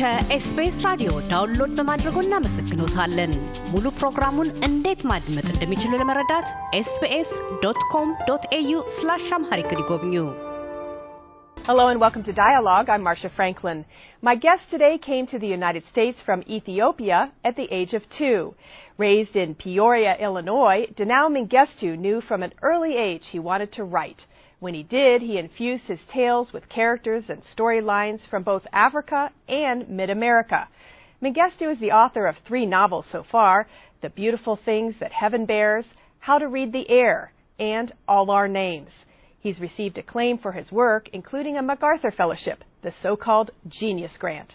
ከኤስቢኤስ ራዲዮ ዳውንሎድ በማድረጎ እናመሰግኖታለን። ሙሉ ፕሮግራሙን እንዴት ማድመጥ እንደሚችሉ ለመረዳት ኤስቢኤስ ዶት ኮም ዶት ኤዩ ስላሽ አምሃሪክ ይጎብኙ። Hello and welcome to Dialogue. I'm Marcia Franklin. My guest today came to the United States from Ethiopia at the age of two. Raised in Peoria, Illinois, Danao Mengestu knew from an early age he wanted to write. When he did, he infused his tales with characters and storylines from both Africa and Mid America. Mengistu is the author of three novels so far The Beautiful Things That Heaven Bears, How to Read the Air, and All Our Names. He's received acclaim for his work, including a MacArthur Fellowship, the so called Genius Grant.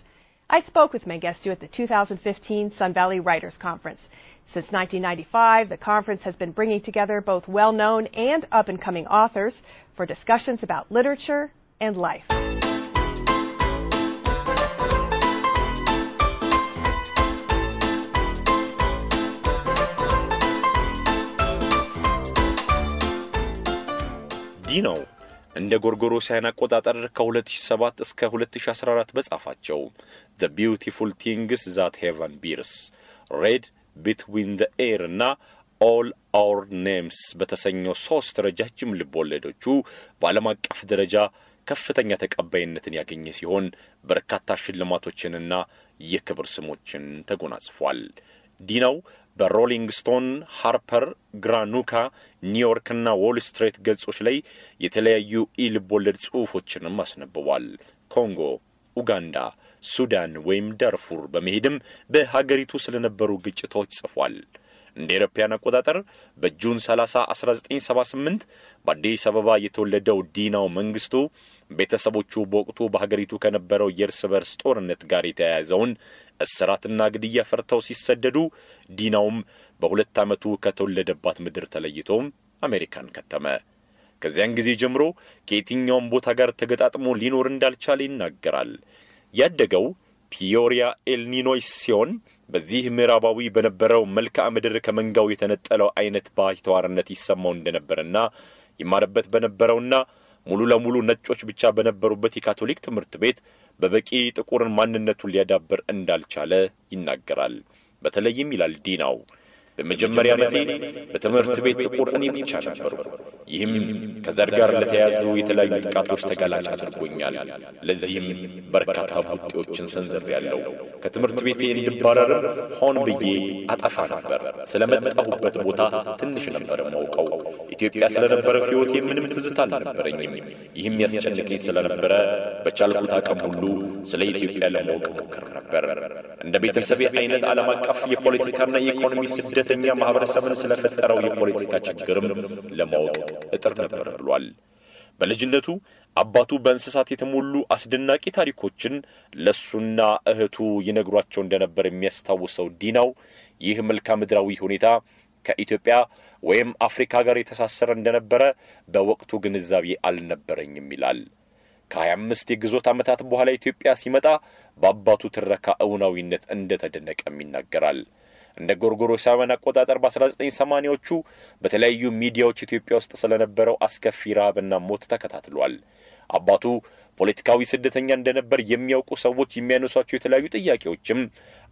I spoke with Mengistu at the 2015 Sun Valley Writers Conference. Since 1995, the conference has been bringing together both well known and up and coming authors for discussions about literature and life. ዲ ነው። እንደ ጎርጎሮሳውያን አቆጣጠር ከ2007 እስከ 2014 በጻፋቸው ዘ ቢዩቲፉል ቲንግስ ዛት ሄቨን ቢርስ ሬድ ቢትዊን ዘ ኤር እና ኦል አውር ኔምስ በተሰኘው ሶስት ረጃጅም ልብ ወለዶቹ በዓለም አቀፍ ደረጃ ከፍተኛ ተቀባይነትን ያገኘ ሲሆን በርካታ ሽልማቶችንና የክብር ስሞችን ተጎናጽፏል። ዲናው በሮሊንግ ስቶን፣ ሃርፐር፣ ግራኑካ፣ ኒውዮርክና ዎል ስትሬት ገጾች ላይ የተለያዩ ኢ ልብ ጽሑፎችንም አስነብቧል። ኮንጎ፣ ኡጋንዳ ሱዳን ወይም ዳርፉር በመሄድም በሀገሪቱ ስለነበሩ ግጭቶች ጽፏል። እንደ ኤሮፓያን አቆጣጠር በጁን 30 1978 በአዲስ አበባ የተወለደው ዲናው መንግስቱ ቤተሰቦቹ በወቅቱ በሀገሪቱ ከነበረው የእርስ በርስ ጦርነት ጋር የተያያዘውን እስራትና ግድያ ፈርተው ሲሰደዱ ዲናውም በሁለት ዓመቱ ከተወለደባት ምድር ተለይቶ አሜሪካን ከተመ። ከዚያን ጊዜ ጀምሮ ከየትኛውም ቦታ ጋር ተገጣጥሞ ሊኖር እንዳልቻለ ይናገራል። ያደገው ፒዮሪያ ኤልኒኖይስ ሲሆን በዚህ ምዕራባዊ በነበረው መልክዓ ምድር ከመንጋው የተነጠለው አይነት ባይተዋርነት ይሰማው እንደነበረና ይማርበት በነበረውና ሙሉ ለሙሉ ነጮች ብቻ በነበሩበት የካቶሊክ ትምህርት ቤት በበቂ ጥቁርን ማንነቱን ሊያዳብር እንዳልቻለ ይናገራል። በተለይም ይላል ዲናው በመጀመሪያ ዓመቴ በትምህርት ቤት ጥቁር እኔ ብቻ ነበሩ። ይህም ከዘር ጋር ለተያያዙ የተለያዩ ጥቃቶች ተጋላጭ አድርጎኛል። ለዚህም በርካታ ቡጤዎችን ሰንዘር ያለው ከትምህርት ቤቴ እንድባረርም ሆን ብዬ አጠፋ ነበር። ስለመጣሁበት ቦታ ትንሽ ነበር የማውቀው። ኢትዮጵያ ስለነበረው ሕይወቴ ምንም ትዝታ አልነበረኝም። ይህም ያስጨንቀኝ ስለነበረ በቻልኩት አቅም ሁሉ ስለ ኢትዮጵያ ለማወቅ ሞክር ነበር። እንደ ቤተሰቤ አይነት ዓለም አቀፍ የፖለቲካና የኢኮኖሚ ስደት ስደተኛ ማህበረሰብን ስለፈጠረው የፖለቲካ ችግርም ለማወቅ እጥር ነበር ብሏል። በልጅነቱ አባቱ በእንስሳት የተሞሉ አስደናቂ ታሪኮችን ለሱና እህቱ ይነግሯቸው እንደነበር የሚያስታውሰው ዲናው ይህ መልክዓ ምድራዊ ሁኔታ ከኢትዮጵያ ወይም አፍሪካ ጋር የተሳሰረ እንደነበረ በወቅቱ ግንዛቤ አልነበረኝም ይላል። 2 አምስት የግዞት ዓመታት በኋላ ኢትዮጵያ ሲመጣ በአባቱ ትረካ እውናዊነት እንደተደነቀም ይናገራል። እንደ ጎርጎሮሳውያን አቆጣጠር በ1980ዎቹ በተለያዩ ሚዲያዎች ኢትዮጵያ ውስጥ ስለነበረው አስከፊ ረሃብና ሞት ተከታትሏል። አባቱ ፖለቲካዊ ስደተኛ እንደነበር የሚያውቁ ሰዎች የሚያነሷቸው የተለያዩ ጥያቄዎችም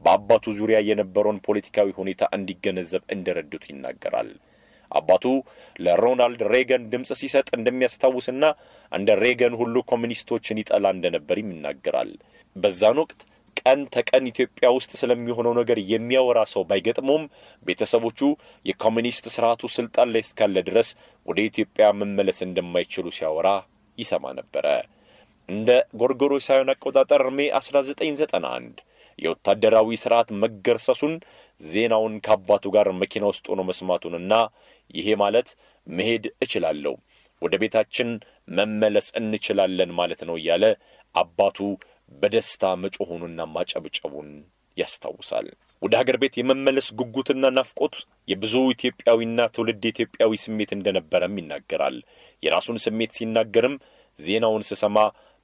በአባቱ ዙሪያ የነበረውን ፖለቲካዊ ሁኔታ እንዲገነዘብ እንደረዱት ይናገራል። አባቱ ለሮናልድ ሬገን ድምፅ ሲሰጥ እንደሚያስታውስና እንደ ሬገን ሁሉ ኮሚኒስቶችን ይጠላ እንደነበርም ይናገራል። በዛን ወቅት ቀን ተቀን ኢትዮጵያ ውስጥ ስለሚሆነው ነገር የሚያወራ ሰው ባይገጥሙም ቤተሰቦቹ የኮሚኒስት ስርዓቱ ስልጣን ላይ እስካለ ድረስ ወደ ኢትዮጵያ መመለስ እንደማይችሉ ሲያወራ ይሰማ ነበረ። እንደ ጎርጎሮሳውያን አቆጣጠር ሜ 1991 የወታደራዊ ስርዓት መገርሰሱን ዜናውን ከአባቱ ጋር መኪና ውስጥ ሆኖ መስማቱንና ይሄ ማለት መሄድ እችላለሁ፣ ወደ ቤታችን መመለስ እንችላለን ማለት ነው እያለ አባቱ በደስታ መጮሆኑና ማጨብጨቡን ያስታውሳል። ወደ ሀገር ቤት የመመለስ ጉጉትና ናፍቆት የብዙ ኢትዮጵያዊና ትውልድ ኢትዮጵያዊ ስሜት እንደነበረም ይናገራል። የራሱን ስሜት ሲናገርም ዜናውን ስሰማ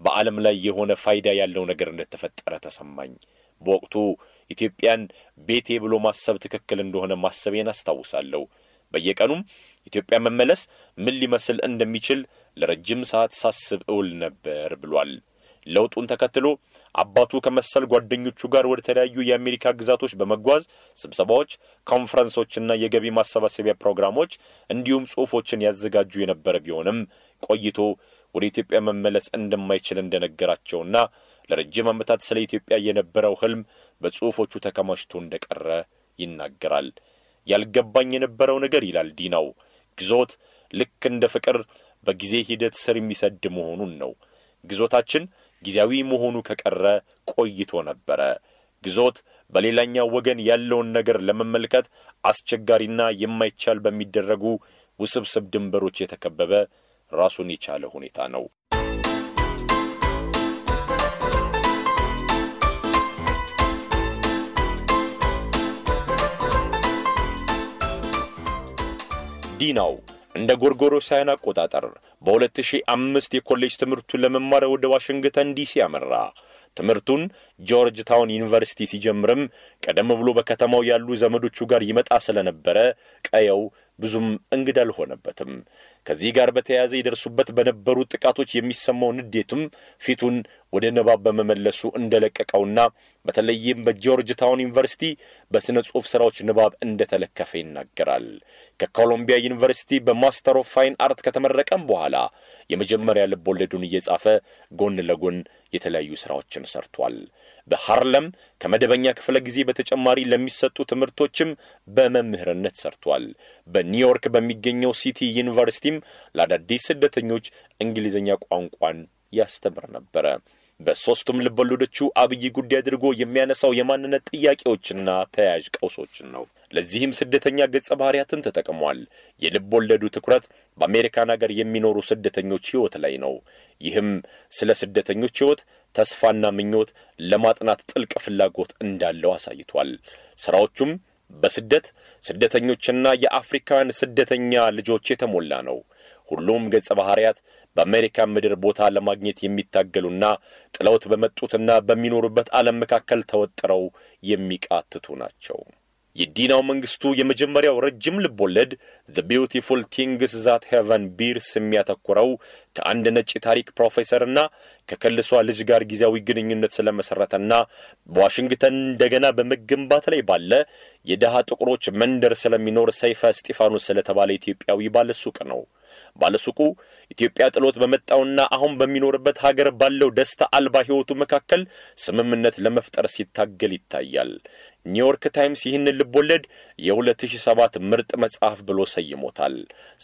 በዓለም ላይ የሆነ ፋይዳ ያለው ነገር እንደተፈጠረ ተሰማኝ። በወቅቱ ኢትዮጵያን ቤቴ ብሎ ማሰብ ትክክል እንደሆነ ማሰቤን አስታውሳለሁ። በየቀኑም ኢትዮጵያ መመለስ ምን ሊመስል እንደሚችል ለረጅም ሰዓት ሳስብ እውል ነበር ብሏል። ለውጡን ተከትሎ አባቱ ከመሰል ጓደኞቹ ጋር ወደ ተለያዩ የአሜሪካ ግዛቶች በመጓዝ ስብሰባዎች፣ ኮንፈረንሶችና የገቢ ማሰባሰቢያ ፕሮግራሞች እንዲሁም ጽሑፎችን ያዘጋጁ የነበረ ቢሆንም ቆይቶ ወደ ኢትዮጵያ መመለስ እንደማይችል እንደነገራቸውና ለረጅም ዓመታት ስለ ኢትዮጵያ የነበረው ህልም በጽሑፎቹ ተከማችቶ እንደቀረ ይናገራል። ያልገባኝ የነበረው ነገር ይላል ዲናው፣ ግዞት ልክ እንደ ፍቅር በጊዜ ሂደት ስር የሚሰድ መሆኑን ነው። ግዞታችን ጊዜያዊ መሆኑ ከቀረ ቆይቶ ነበረ። ግዞት በሌላኛው ወገን ያለውን ነገር ለመመልከት አስቸጋሪና የማይቻል በሚደረጉ ውስብስብ ድንበሮች የተከበበ ራሱን የቻለ ሁኔታ ነው። ዲናው እንደ ጎርጎሮሳውያን አቆጣጠር በ2005 የኮሌጅ ትምህርቱን ለመማር ወደ ዋሽንግተን ዲሲ አመራ። ትምህርቱን ጆርጅ ታውን ዩኒቨርሲቲ ሲጀምርም ቀደም ብሎ በከተማው ያሉ ዘመዶቹ ጋር ይመጣ ስለነበረ ቀየው ብዙም እንግዳ አልሆነበትም። ከዚህ ጋር በተያያዘ ይደርሱበት በነበሩ ጥቃቶች የሚሰማው ንዴቱም ፊቱን ወደ ንባብ በመመለሱ እንደለቀቀውና በተለይም በጆርጅ ታውን ዩኒቨርሲቲ በሥነ ጽሑፍ ሥራዎች ንባብ እንደተለከፈ ይናገራል። ከኮሎምቢያ ዩኒቨርሲቲ በማስተር ኦፍ ፋይን አርት ከተመረቀም በኋላ የመጀመሪያ ልብ ወለዱን እየጻፈ ጎን ለጎን የተለያዩ ሥራዎችን ሰርቷል። በሃርለም ከመደበኛ ክፍለ ጊዜ በተጨማሪ ለሚሰጡ ትምህርቶችም በመምህርነት ሰርቷል። በኒውዮርክ በሚገኘው ሲቲ ዩኒቨርሲቲም ለአዳዲስ ስደተኞች እንግሊዝኛ ቋንቋን ያስተምር ነበረ። በሶስቱም ልበሉዶቹ አብይ ጉዳይ አድርጎ የሚያነሳው የማንነት ጥያቄዎችና ተያያዥ ቀውሶችን ነው። ለዚህም ስደተኛ ገጸ ባህሪያትን ተጠቅሟል። የልቦለዱ ትኩረት በአሜሪካን ሀገር የሚኖሩ ስደተኞች ሕይወት ላይ ነው። ይህም ስለ ስደተኞች ሕይወት ተስፋና ምኞት ለማጥናት ጥልቅ ፍላጎት እንዳለው አሳይቷል። ስራዎቹም በስደት ስደተኞችና የአፍሪካን ስደተኛ ልጆች የተሞላ ነው። ሁሉም ገጸ ባህርያት በአሜሪካን ምድር ቦታ ለማግኘት የሚታገሉና ጥለውት በመጡትና በሚኖሩበት ዓለም መካከል ተወጥረው የሚቃትቱ ናቸው። የዲናው መንግስቱ የመጀመሪያው ረጅም ልቦለድ ዘ ቢዩቲፉል ቲንግስ ዛት ሄቨን ቢርስ የሚያተኩረው ከአንድ ነጭ ታሪክ ፕሮፌሰርና ከከልሷ ልጅ ጋር ጊዜያዊ ግንኙነት ስለመሠረተና በዋሽንግተን እንደገና በመገንባት ላይ ባለ የድሃ ጥቁሮች መንደር ስለሚኖር ሰይፈ እስጢፋኖስ ስለተባለ ኢትዮጵያዊ ባለ ሱቅ ነው። ባለሱቁ ኢትዮጵያ ጥሎት በመጣውና አሁን በሚኖርበት ሀገር ባለው ደስታ አልባ ሕይወቱ መካከል ስምምነት ለመፍጠር ሲታገል ይታያል። ኒውዮርክ ታይምስ ይህንን ልቦለድ የ2007 ምርጥ መጽሐፍ ብሎ ሰይሞታል።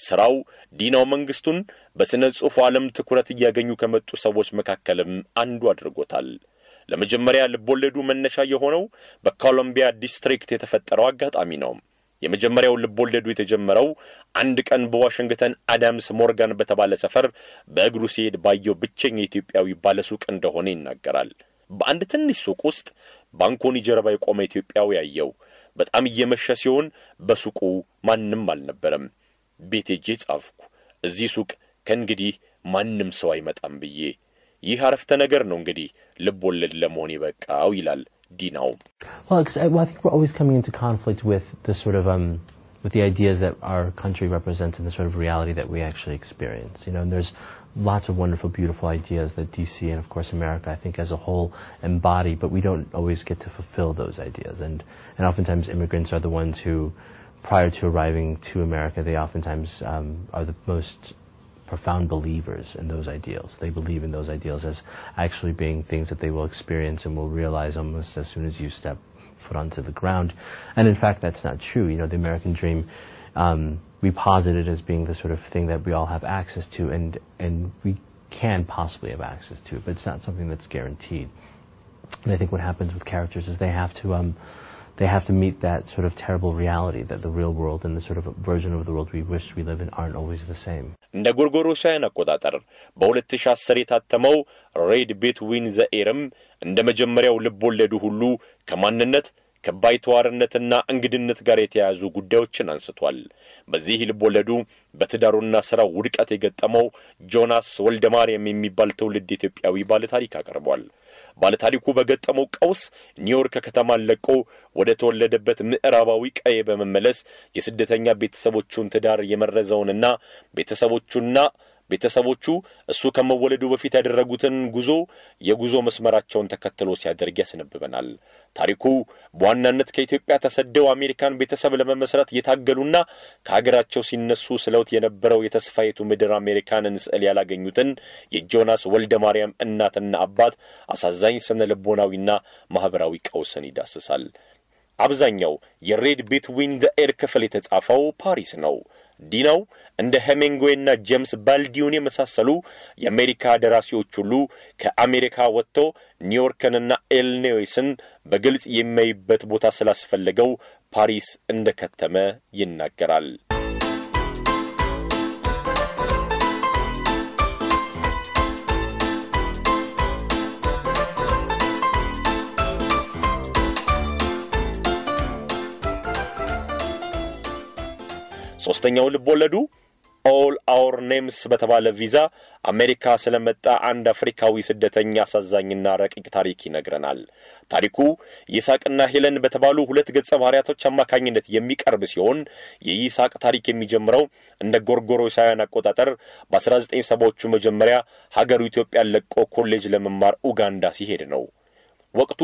ስራው ዲናው መንግስቱን በሥነ ጽሑፉ ዓለም ትኩረት እያገኙ ከመጡ ሰዎች መካከልም አንዱ አድርጎታል። ለመጀመሪያ ልቦለዱ መነሻ የሆነው በኮሎምቢያ ዲስትሪክት የተፈጠረው አጋጣሚ ነው። የመጀመሪያው ልብ ወለዱ የተጀመረው አንድ ቀን በዋሽንግተን አዳምስ ሞርጋን በተባለ ሰፈር በእግሩ ሲሄድ ባየው ብቸኛ ኢትዮጵያዊ ባለሱቅ እንደሆነ ይናገራል። በአንድ ትንሽ ሱቅ ውስጥ ባንኮኒ ጀርባ የቆመ ኢትዮጵያዊ ያየው። በጣም እየመሸ ሲሆን በሱቁ ማንም አልነበረም። ቤት ሄጄ ጻፍኩ፣ እዚህ ሱቅ ከእንግዲህ ማንም ሰው አይመጣም ብዬ። ይህ አረፍተ ነገር ነው እንግዲህ ልብ ወለድ ለመሆን የበቃው ይላል Well, I, well, I think we're always coming into conflict with the sort of um, with the ideas that our country represents and the sort of reality that we actually experience. You know, and there's lots of wonderful, beautiful ideas that DC and of course America, I think, as a whole embody, but we don't always get to fulfill those ideas. And and oftentimes immigrants are the ones who prior to arriving to America, they oftentimes um, are the most profound believers in those ideals. They believe in those ideals as actually being things that they will experience and will realize almost as soon as you step foot onto the ground. And in fact, that's not true. You know, the American dream, um, we posit it as being the sort of thing that we all have access to, and and we can possibly have access to, but it's not something that's guaranteed. And I think what happens with characters is they have to um, they have to meet that sort of terrible reality that the real world and the sort of version of the world we wish we live in aren't always the same። እንደ ጎርጎሮሳውያን አቆጣጠር በ2010 የታተመው ሬድ ቢትዊን ዘ ኤርም እንደ መጀመሪያው ልብ ወለዱ ሁሉ ከማንነት ከባይተዋርነትና እንግድነት ጋር የተያያዙ ጉዳዮችን አንስቷል። በዚህ ልቦለዱ በትዳሩና ስራው ውድቀት የገጠመው ጆናስ ወልደ ማርያም የሚባል ትውልድ ኢትዮጵያዊ ባለታሪክ አቀርቧል። ባለታሪኩ በገጠመው ቀውስ ኒውዮርክ ከተማን ለቆ ወደ ተወለደበት ምዕራባዊ ቀዬ በመመለስ የስደተኛ ቤተሰቦቹን ትዳር የመረዘውንና ቤተሰቦቹና ቤተሰቦቹ እሱ ከመወለዱ በፊት ያደረጉትን ጉዞ የጉዞ መስመራቸውን ተከትሎ ሲያደርግ ያስነብበናል። ታሪኩ በዋናነት ከኢትዮጵያ ተሰደው አሜሪካን ቤተሰብ ለመመስረት እየታገሉና ከሀገራቸው ሲነሱ ስለውት የነበረው የተስፋይቱ ምድር አሜሪካንን ስዕል ያላገኙትን የጆናስ ወልደ ማርያም እናትና አባት አሳዛኝ ስነ ልቦናዊና ማኅበራዊ ቀውስን ይዳስሳል። አብዛኛው የሬድ ቢትዊን ዘ ኤር ክፍል የተጻፈው ፓሪስ ነው። ዲናው እንደ ሄሚንግዌይና ጄምስ ባልዲውን የመሳሰሉ የአሜሪካ ደራሲዎች ሁሉ ከአሜሪካ ወጥቶ ኒውዮርክንና ኤልኔዌስን በግልጽ የሚያይበት ቦታ ስላስፈለገው ፓሪስ እንደከተመ ይናገራል። ሶስተኛው ልብ ወለዱ ኦል አውር ኔምስ በተባለ ቪዛ አሜሪካ ስለመጣ አንድ አፍሪካዊ ስደተኛ አሳዛኝና ረቂቅ ታሪክ ይነግረናል። ታሪኩ ይስሐቅና ሄለን በተባሉ ሁለት ገጸ ባህሪያቶች አማካኝነት የሚቀርብ ሲሆን የይስሐቅ ታሪክ የሚጀምረው እንደ ጎርጎሮሳውያን አቆጣጠር በ19 ሰባዎቹ መጀመሪያ ሀገሩ ኢትዮጵያን ለቆ ኮሌጅ ለመማር ኡጋንዳ ሲሄድ ነው። ወቅቱ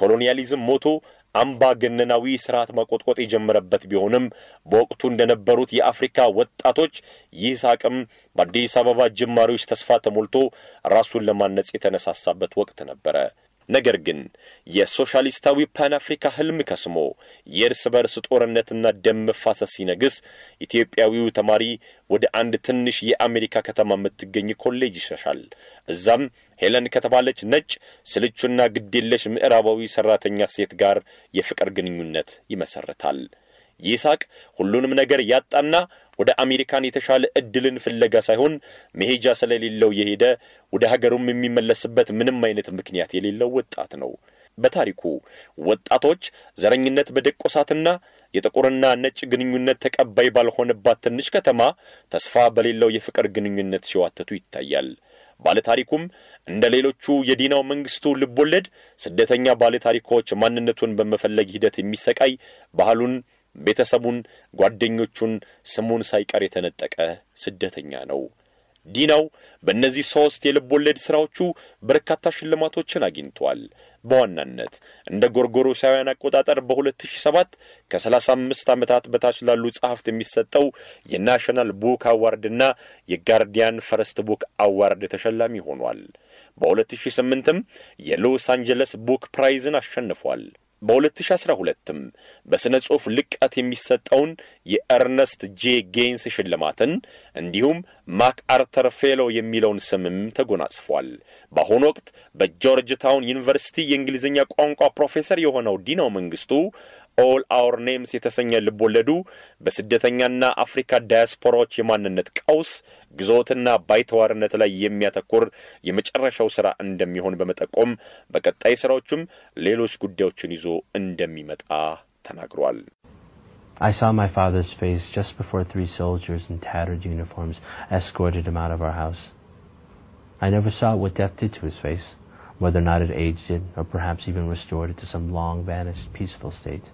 ኮሎኒያሊዝም ሞቶ አምባገነናዊ ስርዓት ማቆጥቆጥ የጀመረበት ቢሆንም በወቅቱ እንደነበሩት የአፍሪካ ወጣቶች ይህ በአዲስ አበባ ጅማሬዎች ተስፋ ተሞልቶ ራሱን ለማነጽ የተነሳሳበት ወቅት ነበረ። ነገር ግን የሶሻሊስታዊ ፓን አፍሪካ ህልም ከስሞ የእርስ በርስ ጦርነትና ደም መፋሰስ ሲነግስ ኢትዮጵያዊው ተማሪ ወደ አንድ ትንሽ የአሜሪካ ከተማ የምትገኝ ኮሌጅ ይሸሻል። እዛም ሄለን ከተባለች ነጭ ስልቹና ግዴለሽ ምዕራባዊ ሰራተኛ ሴት ጋር የፍቅር ግንኙነት ይመሰርታል። ይስሐቅ ሁሉንም ነገር ያጣና ወደ አሜሪካን የተሻለ እድልን ፍለጋ ሳይሆን መሄጃ ስለሌለው የሄደ ወደ ሀገሩም የሚመለስበት ምንም አይነት ምክንያት የሌለው ወጣት ነው። በታሪኩ ወጣቶች ዘረኝነት በደቆሳትና የጥቁርና ነጭ ግንኙነት ተቀባይ ባልሆነባት ትንሽ ከተማ ተስፋ በሌለው የፍቅር ግንኙነት ሲዋተቱ ይታያል። ባለታሪኩም እንደ ሌሎቹ የዲናው መንግስቱ ልቦለድ ስደተኛ ባለታሪኮች ማንነቱን በመፈለግ ሂደት የሚሰቃይ ባህሉን፣ ቤተሰቡን፣ ጓደኞቹን፣ ስሙን ሳይቀር የተነጠቀ ስደተኛ ነው። ዲናው በእነዚህ ሦስት የልቦለድ ሥራዎቹ በርካታ ሽልማቶችን አግኝቷል። በዋናነት እንደ ጎርጎሮሳውያን አቆጣጠር በ2007 ከ35 ዓመታት በታች ላሉ ጸሐፍት የሚሰጠው የናሽናል ቡክ አዋርድና የጋርዲያን ፈረስት ቡክ አዋርድ ተሸላሚ ሆኗል። በ2008ም የሎስ አንጀለስ ቡክ ፕራይዝን አሸንፏል። በ2012ም በሥነ ጽሑፍ ልቀት የሚሰጠውን የኤርነስት ጄ ጌንስ ሽልማትን እንዲሁም ማክ አርተር ፌሎ የሚለውን ስምም ተጎናጽፏል። በአሁኑ ወቅት በጆርጅ ታውን ዩኒቨርሲቲ የእንግሊዝኛ ቋንቋ ፕሮፌሰር የሆነው ዲናው መንግስቱ ኦል አውር ኔምስ የተሰኘ ልብ ወለዱ በስደተኛና አፍሪካ ዳያስፖራዎች የማንነት ቀውስ ግዞትና ባይተዋርነት ላይ የሚያተኩር የመጨረሻው ስራ እንደሚሆን በመጠቆም በቀጣይ ስራዎቹም ሌሎች ጉዳዮችን ይዞ እንደሚመጣ ተናግሯል። I saw my father's face just before three soldiers in tattered uniforms escorted him out of our house. I never saw what death did to his face, whether or not it aged it, or perhaps even restored it to some long vanished peaceful state.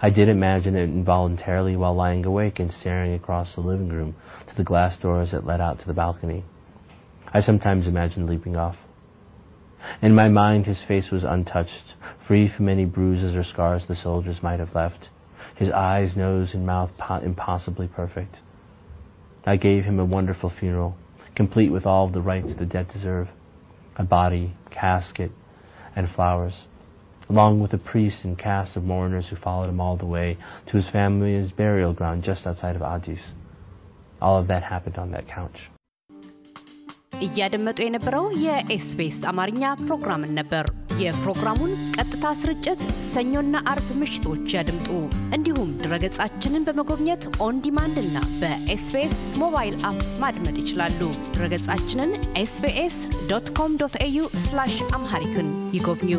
I did imagine it involuntarily while lying awake and staring across the living room to the glass doors that led out to the balcony. I sometimes imagined leaping off. In my mind, his face was untouched, free from any bruises or scars the soldiers might have left, his eyes, nose, and mouth impossibly perfect. I gave him a wonderful funeral, complete with all the rites the dead deserve, a body, casket, and flowers along with the priests and cast of mourners who followed him all the way to his family's burial ground just outside of Addis. All of that happened on that couch. እያደመጡ የነበረው የኤስቢኤስ አማርኛ ፕሮግራምን ነበር። የፕሮግራሙን ቀጥታ ስርጭት ሰኞና አርብ ምሽቶች ያድምጡ። እንዲሁም ድረገጻችንን በመጎብኘት ኦን ዲማንድ እና በኤስቢኤስ ሞባይል አፕ ማድመጥ ይችላሉ። ድረገጻችንን ኤስቢኤስ ዶት ኮም ዶት ኤዩ አምሃሪክን ይጎብኙ።